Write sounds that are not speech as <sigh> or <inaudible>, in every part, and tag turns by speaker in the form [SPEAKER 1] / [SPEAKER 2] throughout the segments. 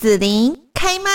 [SPEAKER 1] 子琳開麥，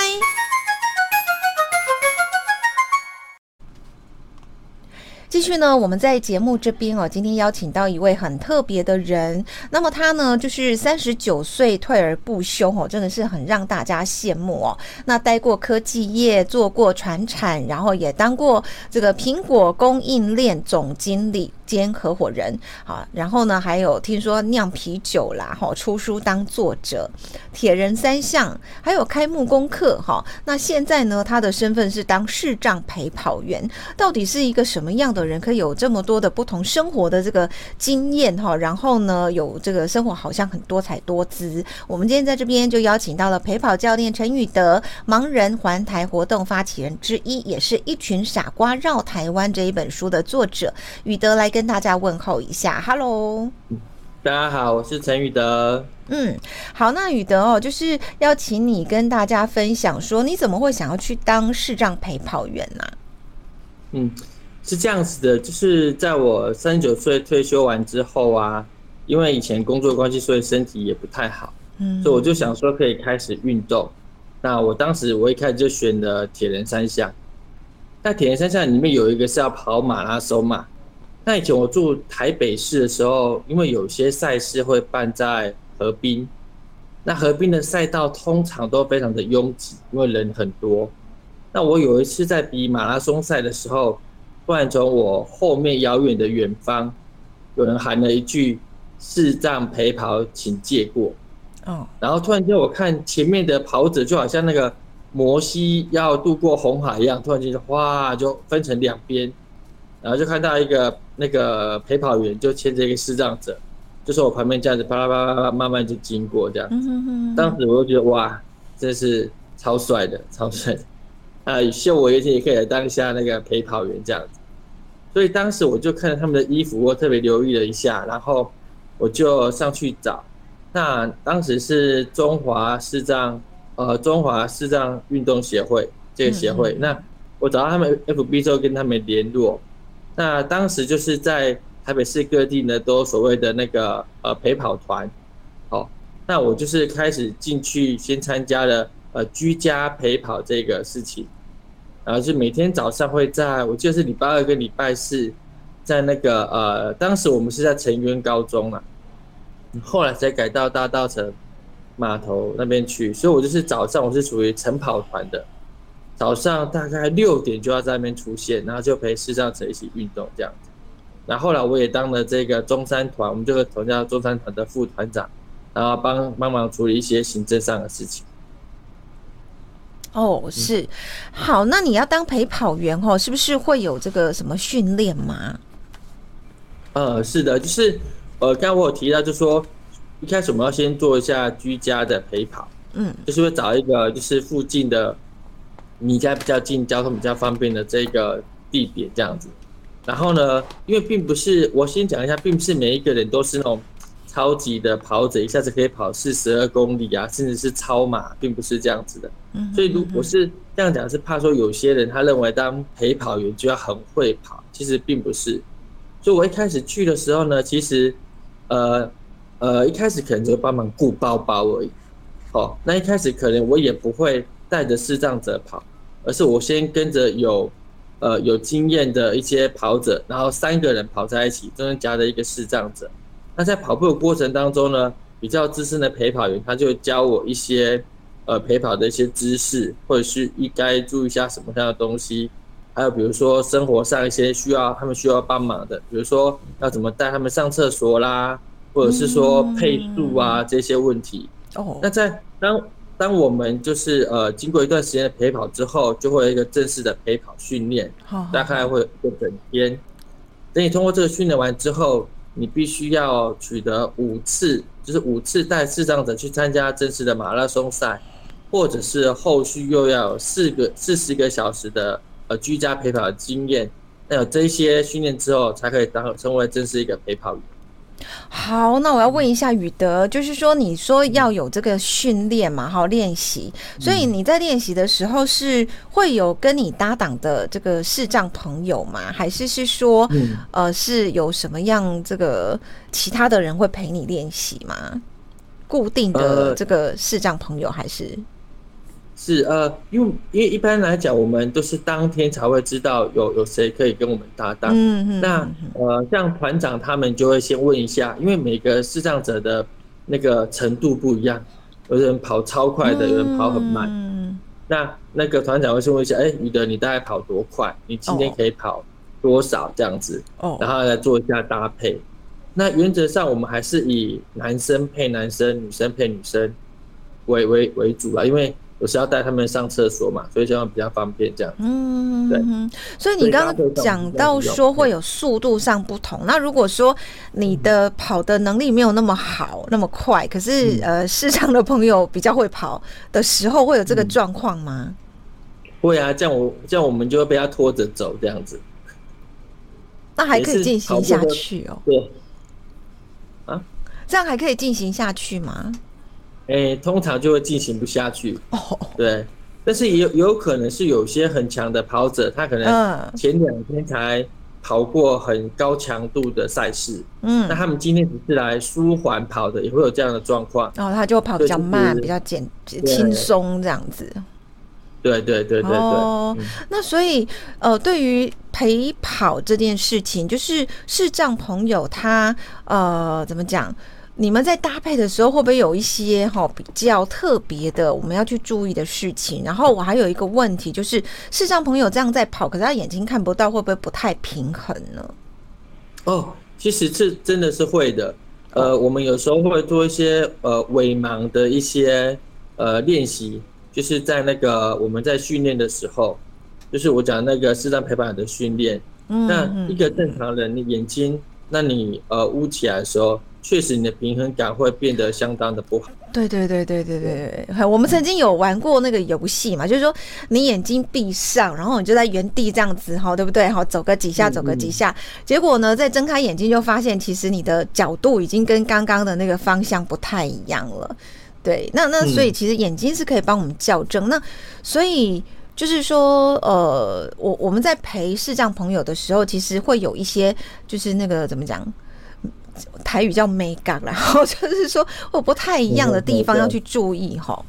[SPEAKER 1] 繼續呢。我們在節目這邊哦，今天邀請到一位很特別的人。那麼他呢，就是三十九歲退而不休哦，真的是很讓大家羨慕哦。那待過科技業，做過傳產，然後也當過這個蘋果供應鏈總經理。兼合夥人，好，然後呢，還有聽說釀啤酒啦，哈，出書當作者，鐵人三項，還有開木工課，哈，那現在呢，他的身份是當視障陪跑員。到底是一個什麼樣的人，可以有這麼多的不同生活的這個經驗，哈，然後呢，有這個生活好像很多彩多姿。我們今天在這邊就邀請到了陪跑教練陳雨德，盲人環台活動發起人之一，也是一群傻瓜繞台灣這一本書的作者雨德來跟大家問候一下，Hello，
[SPEAKER 2] 大家好，我是陳雨德。嗯，
[SPEAKER 1] 好，那雨德哦，就是要請你跟大家分享說，你怎麼會想要去當視障陪跑員呢、啊？嗯，
[SPEAKER 2] 是這樣子的，就是在我三十九歲退休完之後啊，因為以前工作關係，所以身體也不太好，嗯，所以我就想說可以開始運動。嗯、那我當時我一開始就選了鐵人三項，那鐵人三項裡面有一個是要跑馬拉松嘛。那以前我住台北市的時候，因為有些賽事會辦在河濱，那河濱的賽道通常都非常的擁擠，因為人很多。那我有一次在比馬拉松賽的時候，突然從我後面遙遠的遠方，有人喊了一句“視障陪跑，請借過”。哦，然後突然間我看前面的跑者就好像那個摩西要渡過紅海一樣，突然間就嘩就分成兩邊。然後就看到一個那個陪跑員就牽着一個視障者，就說我旁邊這樣子，巴拉巴拉巴拉，慢慢就經過這樣嗯哼嗯哼，當時我就覺得哇，真是超帥的，超帥的！呃，秀我有一天也可以來當一下那個陪跑員這樣子。所以當時我就看了他們的衣服，我特別留意了一下，然後我就上去找。那當時是中華視障，呃，中華視障運動協會這個協會。嗯嗯，那我找到他們 FB 之後，跟他們聯絡。那當時就是在台北市各地呢，都所謂的那個呃陪跑團，好、哦，那我就是開始進去先參加了呃居家陪跑這個事情，然、呃、後就每天早上會在，我記得是禮拜二跟禮拜四，在那個呃當時我們是在成淵高中嘛，後來才改到大稻埕碼頭那邊去，所以我就是早上我是屬於晨跑團的。早上大概六點就要在那邊出現，然後就陪視障者一起運動這樣子。然後，後來我也當了這個中山團，我們這個團叫中山團的副團長，然後幫幫忙處理一些行政上的事情。
[SPEAKER 1] 哦，是，好，那你要當陪跑員哦，嗯、是不是會有這個什麼訓練嗎？
[SPEAKER 2] 呃、嗯，是的，就是呃，剛剛我有提到就，就說一開始我們要先做一下居家的陪跑，嗯，就是會找一個就是附近的。你家比較近，交通比較方便的這個地點這樣子，然後呢，因為並不是我先講一下，並不是每一個人都是那種超級的跑者，一下子可以跑四十二公里啊，甚至是超馬，並不是這樣子的。所以如果我是這樣講，是怕說有些人他認為當陪跑員就要很會跑，其實並不是。所以我一開始去的時候呢，其實，呃呃，一開始可能就幫忙顧包包而已。好，那一開始可能我也不會。帶着視障者跑，而是我先跟着有，呃有經驗的一些跑者，然後三個人跑在一起，中間夾着一個視障者。那在跑步的過程當中呢，比較資深的陪跑員，他就教我一些，呃陪跑的一些知識，或者是應該注意一下什麼樣的東西，還有比如說生活上一些需要他們需要幫忙的，比如說要怎麼帶他們上廁所啦，或者是說配速啊、嗯、這些問題。哦，那在當。當我們就是呃經過一段時間的陪跑之後，就會有一個正式的陪跑訓練，oh, oh, oh. 大概會有一個整天。等你通過這個訓練完之後，你必須要取得五次，就是五次帶視障者去參加正式的馬拉松賽，或者是後續又要有四個四十個小時的呃居家陪跑的經驗。那有這些訓練之後，才可以當成為正式一個陪跑員。好，
[SPEAKER 1] 那我要問一下雨德，就是說你說要有這個訓練嘛，好練習，所以你在練習的時候是會有跟你搭檔的這個視障朋友嗎？還是是說，呃，是有什麼樣這個其他的人會陪你練習嗎？固定的這個視障朋友還是？
[SPEAKER 2] 是呃，因為因為一般來講，我們都是當天才會知道有有誰可以跟我們搭檔。嗯嗯哼。那呃，像團長他們就會先問一下，因為每個視障者的那個程度不一樣，有人跑超快的，有人跑很慢。嗯那那個團長會先問一下，哎、欸，雨德，你大概跑多快？你今天可以跑多少這樣子？哦。然後來做一下搭配。哦、那原則上，我們還是以男生配男生、女生配女生為為為主啦，因為。我是要帶他們上廁所嘛，所以這樣比較方便，這樣。嗯，
[SPEAKER 1] 對。所以你剛剛講到說會有速度上不同，那如果說你的跑的能力沒有那麼好，那麼快，可是呃，視障的朋友比較會跑的時候，會有這個狀況嗎、嗯
[SPEAKER 2] 嗯嗯？會啊，這樣我這樣我們就會被他拖着走，這樣子。
[SPEAKER 1] 那還可以進行下去哦。
[SPEAKER 2] 對。
[SPEAKER 1] 啊？這樣還可以進行下去嗎？
[SPEAKER 2] 欸、通常就會進行不下去。哦、對，但是有有可能是有些很強的跑者，他可能前兩天才跑過很高強度的賽事。嗯，那他們今天只是來舒緩跑的，也會有這樣的狀況。然後、哦、他
[SPEAKER 1] 就跑比較慢，就是、對比較簡輕鬆這樣子。
[SPEAKER 2] 對對對對對。哦嗯、
[SPEAKER 1] 那所以呃，對於陪跑這件事情，就是視障朋友他呃，怎麼講？你們在搭配的時候，會不會有一些比較特別的我們要去注意的事情？然後我還有一個問題，就是視障朋友這樣在跑，可是他眼睛看不到，會不會不太平衡呢？
[SPEAKER 2] 哦，其實這真的是會的。呃，哦、我們有時候會做一些呃，偽盲的一些呃練習，就是在那個我們在訓練的時候，就是我講那個視障陪伴的訓練。嗯、哼那一個正常人的眼睛，那你呃，捂起來的時候。確實，你的平衡感會變得相當的不好。
[SPEAKER 1] 對對對對對對對，我們曾經有玩過那個遊戲嘛，就是說你眼睛閉上，然後你就在原地這樣子哈，對不對？好，走個幾下，走個幾下，結果呢，再睜開眼睛就發現，其實你的角度已經跟剛剛的那個方向不太一樣了。對，那那所以其實眼睛是可以幫我們校正。那所以就是說，呃，我我們在陪視障朋友的時候，其實會有一些，就是那個怎麼講？台語叫美感，然後就是說，我不太一樣的地方要去注意吼、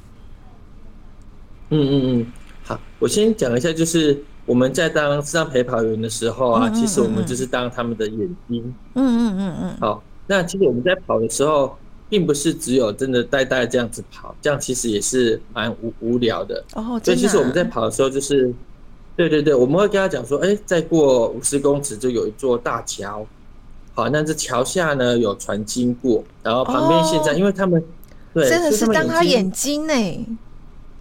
[SPEAKER 2] 嗯。嗯嗯嗯，好，我先講一下，就是我們在當上陪跑員的時候啊，嗯、其實我們就是當他們的眼睛。嗯嗯嗯
[SPEAKER 3] 嗯，嗯
[SPEAKER 2] 好，那其實我們在跑的時候，並不是只有真的呆呆這樣子跑，這樣其實也是蠻無無聊的哦。的啊、所以其實我們在跑的時候，就是，對對對，我們會跟他講說，哎，再過五十公尺就有一座大橋。好，那這橋下呢，有船經過，然後旁邊現在，哦、因為他們對真的是當他眼睛呢？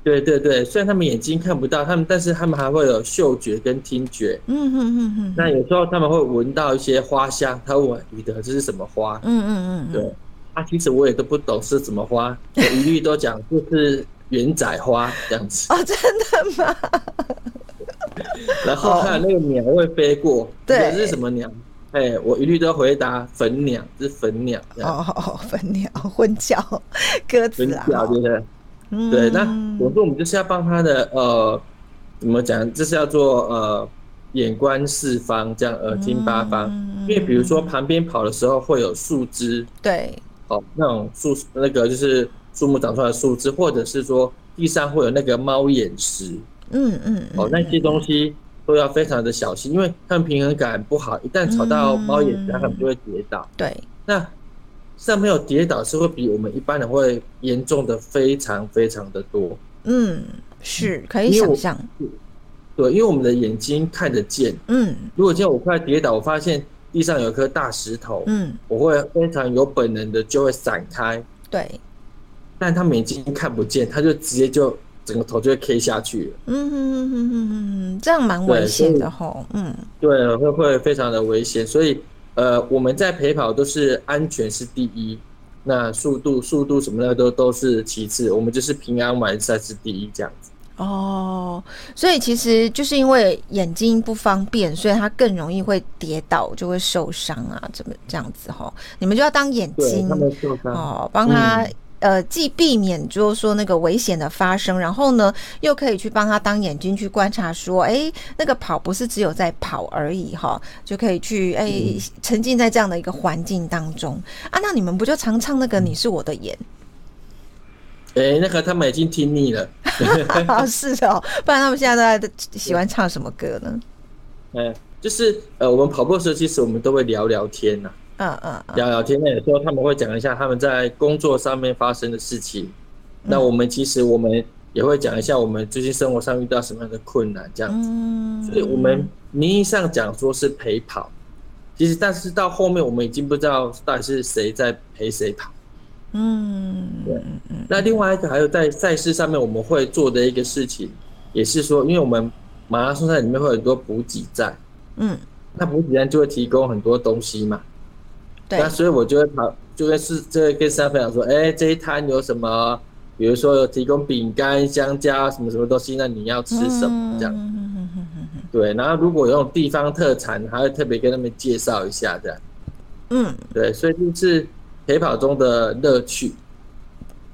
[SPEAKER 2] 對對對，雖然他們眼睛看不到他們，但是他們還會有嗅覺跟聽覺。嗯嗯
[SPEAKER 1] 嗯
[SPEAKER 3] 嗯。那有
[SPEAKER 2] 時候他們會聞到一些花香，他問雨德這是什麼花？
[SPEAKER 3] 嗯嗯嗯，
[SPEAKER 2] 對他、啊、其實我也都不懂是什麼花，一律都講就是圓仔花這樣子。 <laughs> 哦，真的嗎？然後還有那個鳥會飛過，哦、是什麼鳥？哎，hey, 我一律都回答粉鳥是粉鳥這。哦
[SPEAKER 1] 哦，粉鳥，混叫
[SPEAKER 2] 鴿子啊，鳥對對？嗯、對。那我說，我們就是要幫他的呃，怎麼講？這是要做呃，眼觀四方，這樣耳聽八方。嗯、因為比如說旁邊跑的時候會有樹枝，對，好、哦、那種樹那個就是樹木長出來的樹枝，或者是說地上會有那個貓眼石，嗯嗯，嗯哦那些東西。都要非常的小心，因為他們平衡感不好，一旦踩到貓眼，嗯、他們就會跌倒。對，那上面有跌倒是會比我們一般人會嚴重的非常非常的多。嗯，
[SPEAKER 1] 是可以想象。
[SPEAKER 2] 對，因為我們的眼睛看得見。嗯，如果像我快跌倒，我發現地上有一顆大石頭，嗯，我會非常有本能的就會閃開。對，但他們眼睛看不見，他就直接就。整個頭就會 K 下去，嗯嗯嗯
[SPEAKER 1] 嗯嗯嗯，這樣蠻危險的吼，嗯，
[SPEAKER 2] 對，會、嗯、會非常的危險，所以呃，我們在陪跑都是安全是第一，那速度速度什麼的都都是其次，我們就是平安完賽是第一這樣子。
[SPEAKER 1] 哦，所以其實就是因為眼睛不方便，所以他更容易會跌倒，就會受傷啊，怎麼這樣子吼？你們就要當眼睛，他們受傷，哦，幫他。嗯呃，既避免就是說那個危險的發生，然後呢，又可以去幫他當眼睛去觀察，說，哎，那個跑不是只有在跑而已哈，就可以去哎，誒嗯、沉浸在這樣的一個環境當中啊。那你們不就常唱那個你是我的眼？
[SPEAKER 2] 哎，那個他們已經聽膩了，
[SPEAKER 1] <laughs> <laughs> 是的哦，不然他們現在都在喜歡唱什麼歌呢？嗯，
[SPEAKER 2] 就是呃，我們跑步的時候，其實我們都會聊聊天吶、啊。嗯嗯，uh, uh, uh, 聊聊天呢，有時候他們會講一下他們在工作上面發生的事情。嗯、那我們其實我們也會講一下我們最近生活上遇到什麼樣的困難，這樣子。嗯、所以我們名義上講說是陪跑，其實但是到後面我們已經不知道到底是誰在陪誰跑。嗯，對。嗯、那另外一個還有在賽事上面我們會做的一個事情，也是說，因為我們馬拉松賽裡面會有很多補給站。嗯，那補給站就會提供很多東西嘛。那所以我就會跑，就會是就跟視障分享說，哎，這一攤有什麼？比如說有提供餅乾、香蕉什麼什麼東西，那你要吃什麼？這樣，對。然後如果有地方特產，還會特別跟他們介紹一下，這樣。嗯，對。所以這是陪跑中的樂趣。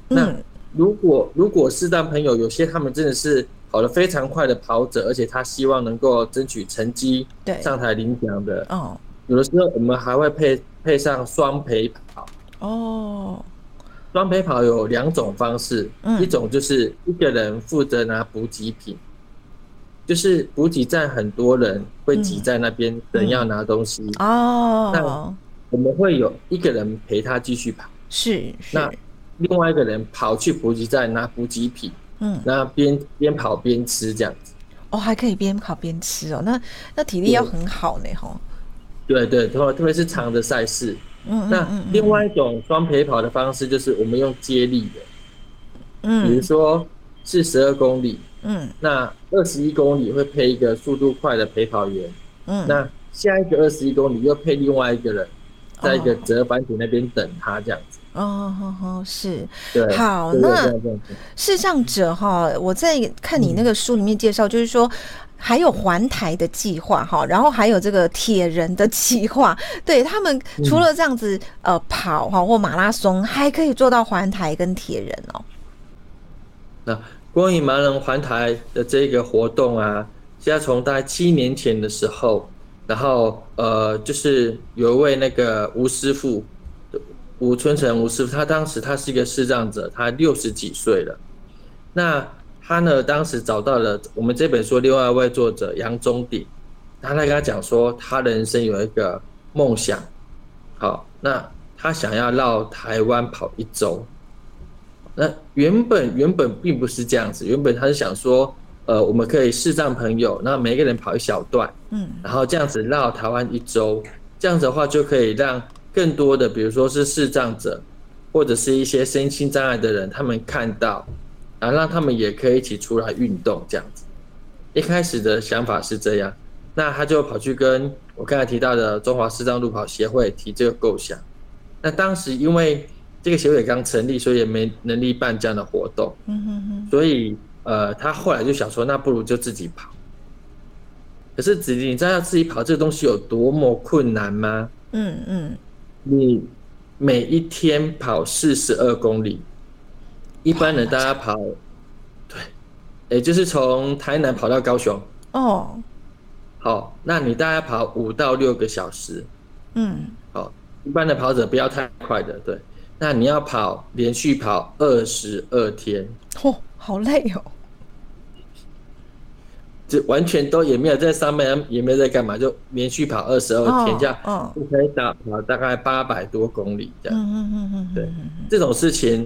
[SPEAKER 2] 那如果如果是視障朋友，有些他們真的是跑得非常快的跑者，而且他希望能夠爭取成績，上台領獎的。哦有的時候，我們還會配配上雙陪跑。哦，雙陪跑有兩種方式，一種就是一個人負責拿補給品，就是補給站很多人會擠在那邊等要拿東西。哦，那我們會有一個人陪他繼續跑，是是。那另外一個人跑去補給站拿補給品，嗯，那邊邊跑邊吃這樣子，嗯。
[SPEAKER 1] 哦，還可以邊跑邊吃哦，那那體力要很
[SPEAKER 2] 好呢，吼。對。嗯對對，特別是長的賽事，嗯，那另外一種雙陪跑的方式就是我們用接力的，嗯，比如說是十二公里，嗯，那二十一公里會配一個速度快的陪跑員，嗯，那下一個二十一公里又配另外一個人，在一個折返點那邊等他這樣子，哦，好
[SPEAKER 1] 好是，對，好了是這樣子，哈，我在看你那個書裡面介紹，就是說。還有環台的計劃哈，然後還有這個鐵人的計劃，對，他們除了這樣子、嗯、呃跑哈或馬拉松，還可以做到環台跟鐵人哦。
[SPEAKER 2] 那關於盲人環台的這個活動啊，現在從大概七年前的時候，然後呃就是有一位那個吳師傅，吳春成吳師傅，他當時他是一個視障者，他六十幾歲了，那。他呢，當時找到了我們這本書另外一位作者楊宗鼎，他在跟他講說，他的人生有一個夢想，好，那他想要繞台灣跑一周。那原本原本並不是這樣子，原本他是想說，呃，我們可以視障朋友，那每個人跑一小段，嗯，然後這樣子繞台灣一周，這樣子的話就可以讓更多的，比如說是視障者，或者是一些身心障礙的人，他們看到。啊，讓他們也可以一起出來運動這樣子。一開始的想法是這樣，那他就跑去跟我剛才提到的中華視障路跑協會提這個構想。那當時因為這個協會剛成立，所以也沒能力辦這樣的活動。嗯哼
[SPEAKER 3] 哼。
[SPEAKER 2] 所以，呃，他後來就想說，那不如就自己跑。可是，子琳你知道自己跑這個東西有多麼困難嗎？嗯嗯。你每一天跑四十二公里，一般人大家跑，對、欸，也就是從台南跑到高雄哦。好，那你大概跑五到六個小時，嗯，好。一般的跑者不要太快的，對。那你要跑連續跑二十二天，
[SPEAKER 1] 嚯，好累哦。就
[SPEAKER 2] 完全都也沒有在上面，也沒有在幹嘛，就連續跑二十二天，這樣，就可以打跑大概八百多公里這樣。嗯嗯嗯嗯，對，這種事情。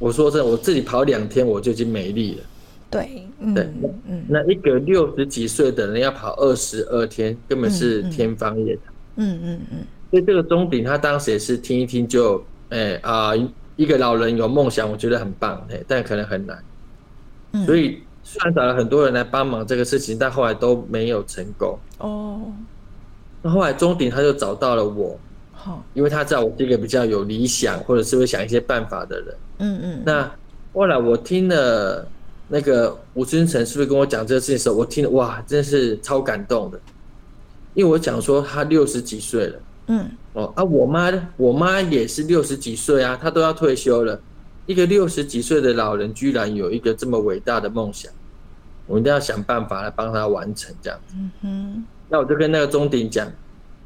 [SPEAKER 2] 我說真的，我自己跑兩天我就已經沒力了。
[SPEAKER 3] 對，
[SPEAKER 2] 那對、嗯、那一個六十幾歲的人要跑二十二天，嗯、根本是天方夜譚、嗯。嗯嗯嗯。嗯，所以這個中鼎他當時也是聽一聽就，哎、欸、啊、呃，一個老人有夢想，我覺得很棒、欸，但可能很難。嗯、所以算找了很多人來幫忙這個事情，但後來都沒有成功。哦。那後來中鼎他就找到了我。因為他知道我是一個比較有理想，或者是會想一些辦法的人。嗯嗯。那後來我聽了那個吳尊成是不是跟我講這個事情的時候，我聽了哇，真是超感動的。因為我講說他六十幾歲
[SPEAKER 3] 了。
[SPEAKER 2] 嗯。哦啊，我媽，我媽也是六十幾歲啊，她都要退休了。一個六十幾歲的老人，居然有一個這麼偉大的夢想，我一定要想辦法來幫他完成這樣子。嗯
[SPEAKER 3] 哼。
[SPEAKER 2] 那我就跟那個鍾鼎講。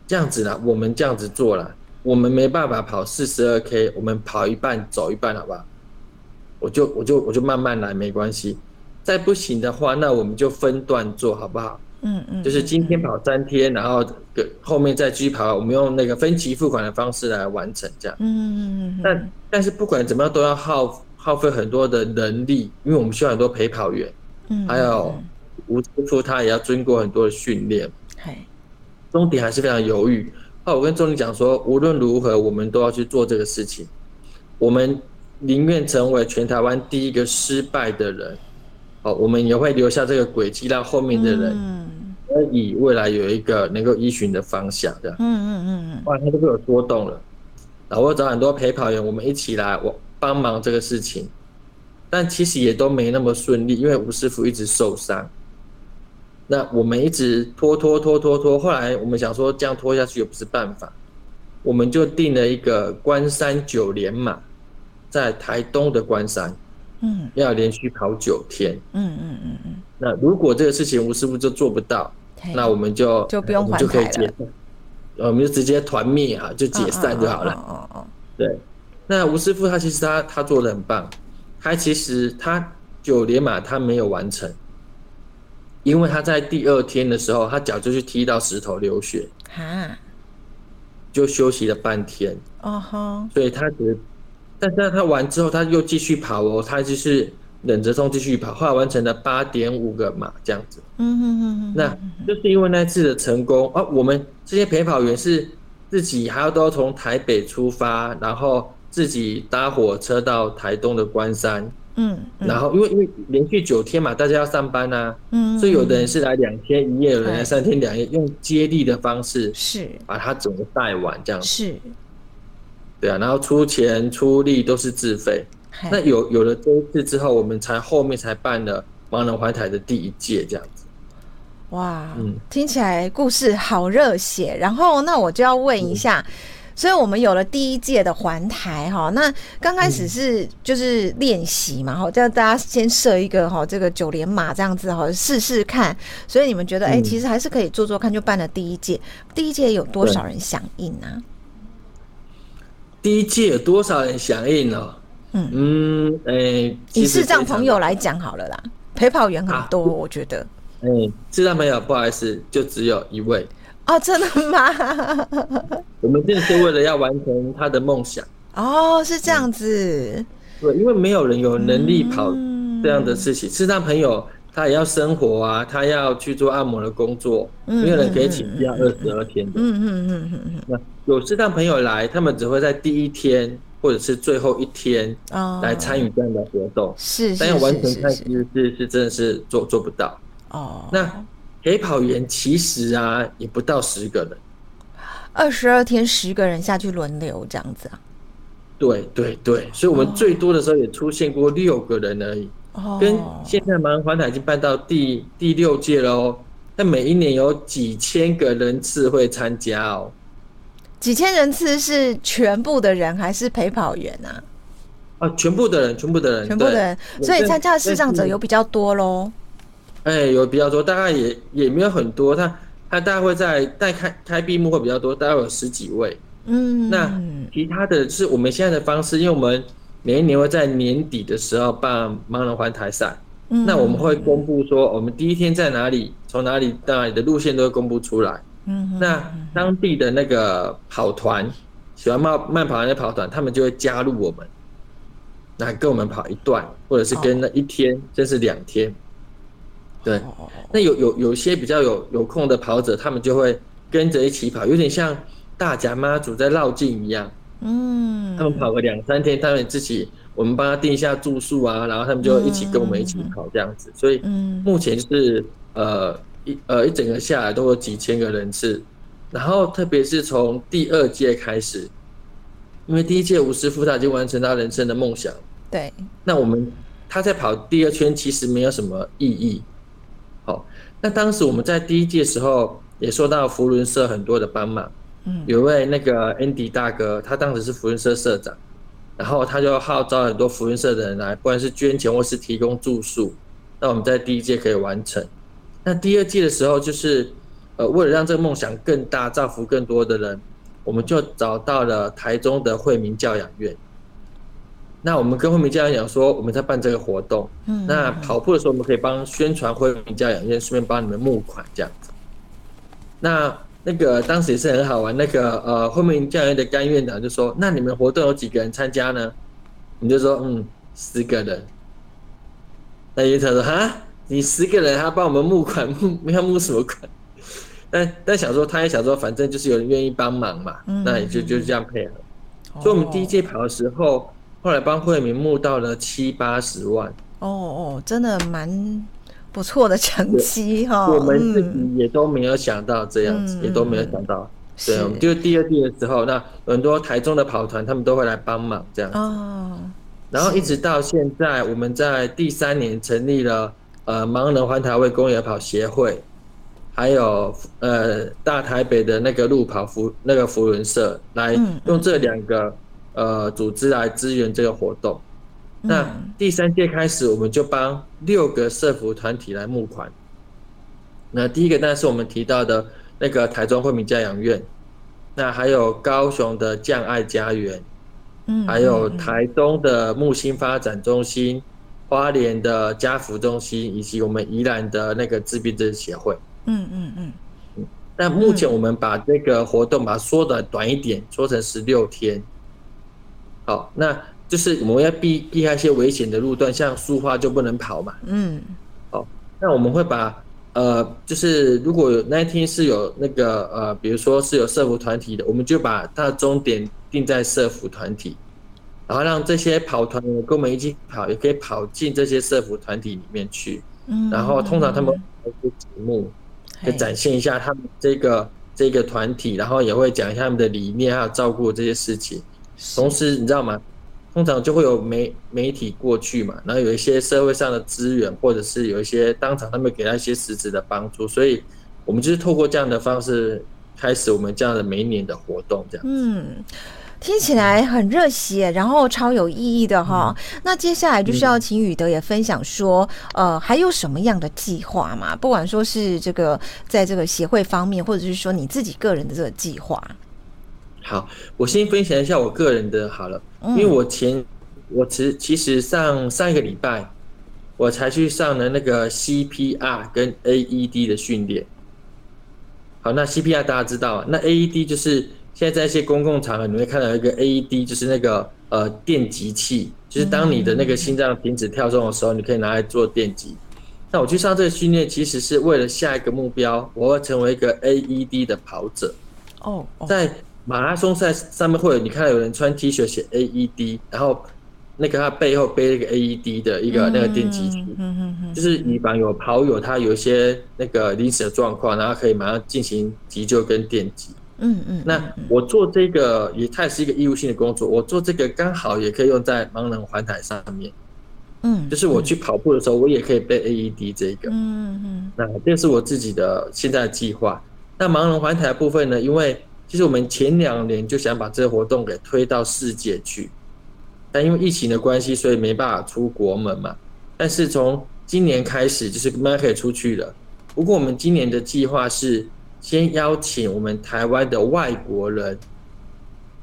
[SPEAKER 2] 這樣子啦，我們這樣子做了，我們沒辦法跑四十二 K，我們跑一半走一半，好不好？我就我就我就慢慢來，沒關係。再不行的話，那我們就分段做好不好？嗯嗯，
[SPEAKER 3] 嗯就
[SPEAKER 2] 是今天跑三天，嗯、然後後面再繼續跑，我們用那個分期付款的方式來完成這樣。嗯嗯嗯。嗯嗯但但是不管怎麼樣，都要耗耗費很多的人力，因為我們需要很多陪跑員，嗯，還有吳師傅他也要經過很多的訓練，中底還是非常猶豫，哦，我跟中底講說，無論如何，我們都要去做這個事情。我們寧願成為全台灣第一個失敗的人，哦，我們也會留下這個軌跡，讓後面的人，可以未來有一個能夠依循的方向，嗯、這樣。嗯嗯嗯嗯。哇、嗯，嗯、他就有波動了，然後我找很多陪跑員，我們一起來我幫忙這個事情，但其實也都沒那麼順利，因為吳師傅一直受傷。那我們一直拖拖拖拖拖，後來我們想說這樣拖下去也不是辦法，我們就定了一個關山九連馬，在台東的關山，嗯，要連續跑九天，嗯嗯嗯嗯。嗯嗯，那如果這個事情吳師傅就做不到，嘿那我們就就不用還債了，我，我們就直接團滅啊，就解散就好了，哦哦、啊啊啊啊啊。對，那吳師傅他其實他他做得很棒，他其實他九連馬他沒有完成。因為他在第二天的時候，他腳就去踢到石頭流血，哈就休息了半天。
[SPEAKER 1] 哦吼，
[SPEAKER 2] 所以他覺，但是他完之後，他又繼續跑哦，他就是忍着痛繼續跑，後來完成了八點五個馬這樣子。嗯
[SPEAKER 3] 哼
[SPEAKER 2] 哼，哼，哼那就是因為那次的成功哦，我們這些陪跑員是自己還要都要從台北出發，然後自己搭火車到台東的關山。嗯，嗯然後因為因為連續九天嘛，大家要上班啊嗯，所以有的人是來兩天、嗯、一夜，有人來三天、嗯、兩夜，用接力的方式是把它整個帶完這樣子。是，對啊，然後出錢出力都是自費，是那有有了這一次之後，我們才後面才辦了盲人環台的第一屆這樣子。
[SPEAKER 1] 哇，嗯，聽起來故事好熱血。然後那我就要問一下。嗯所以，我們有了第一屆的環台哈。那剛開始是就是練習嘛，叫、嗯、大家先設一個哈，這個九連馬這樣子哈，試試看。所以你們覺得，哎、嗯欸，其實還是可以做做看，就辦了第一屆。第一屆有多少人響應呢、啊？
[SPEAKER 2] 第一屆有多少人響應呢、啊？嗯、啊、嗯，哎、嗯，以視障朋
[SPEAKER 1] 友來講好了啦。常陪跑員很
[SPEAKER 2] 多，啊、我覺得。嗯、欸，知道沒有？不好意思，就只有一位。嗯哦，oh,
[SPEAKER 1] 真的嗎？ <laughs>
[SPEAKER 2] 我們真的是為了要完成他的夢想。
[SPEAKER 1] 哦，oh, 是這樣子。
[SPEAKER 2] 對，因為沒有人有能力跑這樣的事情。視、mm hmm. 障朋友他也要生活啊，他要去做按摩的工作，沒有人可以請假二十二天的。嗯嗯嗯嗯，那有視障朋友來，他們只會在第一天或者是最後一天來參與這樣的活動。是，oh. 但要完成他其實是是真的是做做不到。哦，oh. 那。陪跑員其實啊，也不到十個人。
[SPEAKER 1] 二十二天，十個人下去輪流這樣子啊？
[SPEAKER 2] 對對對，所以我們最多的時候也出現過六個人而已。哦。Oh. Oh. 跟現在盲環台已經辦到第第六屆了，但那每一年有幾千個人次會參加哦。
[SPEAKER 1] 幾千人次是全部的人還是陪跑
[SPEAKER 2] 員啊？啊，全部的人，全部的人，全部的人，對所以參加視障者有
[SPEAKER 1] 比較多嘍。
[SPEAKER 2] 哎，有比較多，大概也也沒有很多。他他大概會在帶開開閉幕會比較多，大概有十幾位。嗯，那其他的是我們現在的方式，因為我們每一年會在年底的時候辦盲人環台賽，嗯、那我們會公布說我們第一天在哪裡，從哪裡到哪裡的路線都會公布出來。嗯哼哼，那當地的那個跑團，喜歡慢慢跑的跑團，他們就會加入我們，那跟我們跑一段，或者是跟那一天，哦、甚至兩天。對，那有有有些比較有有空的跑者，他們就會跟着一起跑，有點像大甲媽祖在繞境一樣。嗯，他們跑個兩三天，他們自己我們幫他定一下住宿啊，然後他們就一起跟我們一起跑這樣子。嗯、所以目前是、嗯、呃一呃一整個下來都有幾千個人次，然後特別是從第二屆開始，因為第一屆吳師傅他已經完成他人生的夢想，對，那我們他在跑第二圈其實沒有什麼意義。那當時我們在第一屆的時候也受到扶輪社很多的幫忙，嗯，有一位那個 Andy 大哥，他當時是扶輪社社長，然後他就號召很多扶輪社的人來，不管是捐錢或是提供住宿，那我們在第一屆可以完成。那第二屆的時候就是，呃，為了讓這個夢想更大，造福更多的人，我們就找到了台中的惠民教養院。那我們跟惠民教養講說，我們在辦這個活動，嗯、那跑步的時候我們可以幫宣傳惠民教養院，先順便幫你們募款這樣子。那那個當時也是很好玩，那個呃惠民教養院的甘院長、啊、就說：“那你們活動有幾個人參加呢？”你就說：“嗯，十個人。”那院長說：“哈，你十個人還幫我們募款，募要募什麼款？”但但想說，他也想說，反正就是有人願意幫忙嘛，嗯、那也就就是這樣配合。嗯、所以我們第一屆跑的時候。哦後來幫惠民募到了七八十萬
[SPEAKER 1] 哦哦，真的蠻不錯的成績哈、哦。我們自
[SPEAKER 2] 己也都沒有想到這樣子，嗯、也都沒有想到。嗯、對，我們就是第二季的時候，是那很多台中的跑團他們都會來幫忙這樣子。哦、然後一直到現在，是我們在第三年成立了呃盲人環台位公園跑協會，還有呃大台北的那個路跑扶那個扶輪社來用這兩個、嗯。嗯呃，組織來支援這個活動。嗯、那第三屆開始，我們就幫六個社福團體來募款。那第一個呢是我們提到的那個台中惠民家養院，那還有高雄的將愛家園，嗯嗯、還有台東的木星發展中心、嗯嗯、花蓮的家福中心，以及我們宜蘭的那個自閉症協會。嗯嗯嗯。嗯嗯但目前我們把這個活動把它縮短短一點，縮成十六天。好，那就是我們要避避開一些危險的路段，像蘇花就不能跑嘛。嗯。好，那我們會把，呃，就是如果有那天是有那個呃，比如說是有社福團體的，我們就把它的終點定在社福團體，然後讓這些跑團跟我們一起跑，也可以跑進這些社福團體裡面去。嗯。然後通常他們會有一些節目，可以、嗯、展現一下他們這個嘿這個團體，然後也會講一下他們的理念，還有照顧這些事情。同時，你知道嗎？通常就會有媒媒體過去嘛，然後有一些社會上的資源，或者是有一些當場他們給他一些實質的幫助，所以我們就是透過這樣的方式開始我們這樣的每一年的活動這樣
[SPEAKER 1] 子。嗯，聽起來很熱血，欸，然後超有意義的齁。嗯、那接下來就是要請雨德也分享說，嗯、呃，還有什麼樣的計劃嘛？不管說是這個在這個協會方面，或者是說你自己個人的這個計劃。
[SPEAKER 2] 好，我先分享一下我個人的，好了，因為我前，我其其實上上一個禮拜，我才去上了那個 CPR 跟 AED 的訓練。好，那 CPR 大家知道，那 AED 就是現在在一些公共場合你會看到一個 AED，就是那個呃電擊器，就是當你的那個心臟停止跳動的時候，你可以拿來做電擊。那我去上這個訓練，其實是為了下一個目標，我會成為一個 AED 的跑者。哦，在馬拉松賽上面，會有你看到有人穿 T 恤寫 AED，然後那個他背後背了一個 AED 的一個那個電擊器，嗯，嗯嗯嗯，就是以防有跑友他有一些那個臨時的狀況，然後可以馬上進行急救跟電擊，嗯，嗯
[SPEAKER 3] 嗯。那
[SPEAKER 2] 我做這個，也它也是一個義務性的工作，我做這個剛好也可以用在盲人環台上面，嗯，
[SPEAKER 3] 嗯就是我去
[SPEAKER 2] 跑步的時候，我也可以背 AED 這個，嗯嗯。嗯嗯那這是我自己的現在的計劃。那盲人環台的部分呢，因為其實我們前兩年就想把這個活動給推到世界去，但因為疫情的關係，所以沒辦法出國門嘛。但是從今年開始，就是慢慢可以出去了。不過我們今年的計劃是先邀請我們台灣的外國人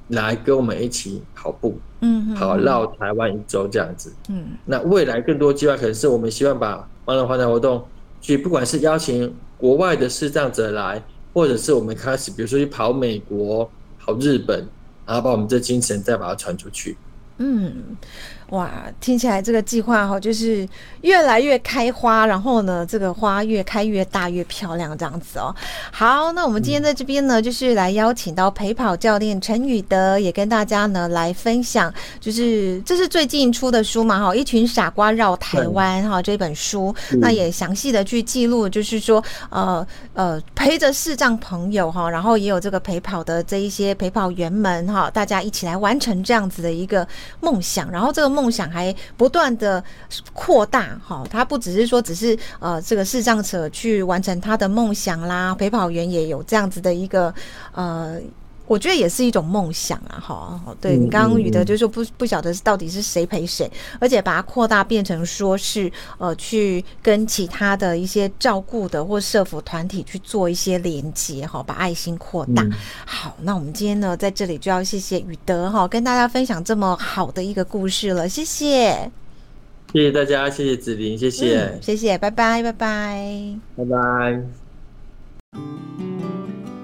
[SPEAKER 2] 來跟我們一起跑步，嗯，
[SPEAKER 3] 跑繞
[SPEAKER 2] 台灣一周這樣子。嗯，那未來更多計劃可能是我們希望把萬人環台活動去，不管是邀請國外的視障者來。或者是我們開始，比如說去跑美國，跑日本，然後把我們這精神再把它傳出去。
[SPEAKER 1] 嗯，哇，聽起來這個計劃哈，就是越來越開花，然後呢，這個花越開越大越漂亮這樣子哦。好，那我們今天在這邊呢，嗯、就是來邀請到陪跑教練陳雨德，也跟大家呢來分享，就是這是最近出的書嘛哈，一群傻瓜繞台灣哈、嗯、這本書，那也詳細的去記錄，就是說呃呃陪着視障朋友哈，然後也有這個陪跑的這一些陪跑員們哈，大家一起來完成這樣子的一個夢想，然後這個夢想還不斷的擴大，哈，他不只是說只是呃，這個視障者去完成他的夢想啦，陪跑員也有這樣子的一個呃。我覺得也是一種夢想啊，哈，對你剛剛雨德，就是不不曉得到底是誰陪誰，而且把它擴大變成說是呃，去跟其他的一些照顧的或社福團體去做一些連接，哈，把愛心擴大。好，那我們今天呢，在這裡就要謝謝雨德哈，跟大家分享這麼好的一個故事了，謝謝，
[SPEAKER 2] 謝謝大家，謝謝子琳，謝謝、嗯，謝
[SPEAKER 1] 謝，拜拜，拜拜，
[SPEAKER 2] 拜拜。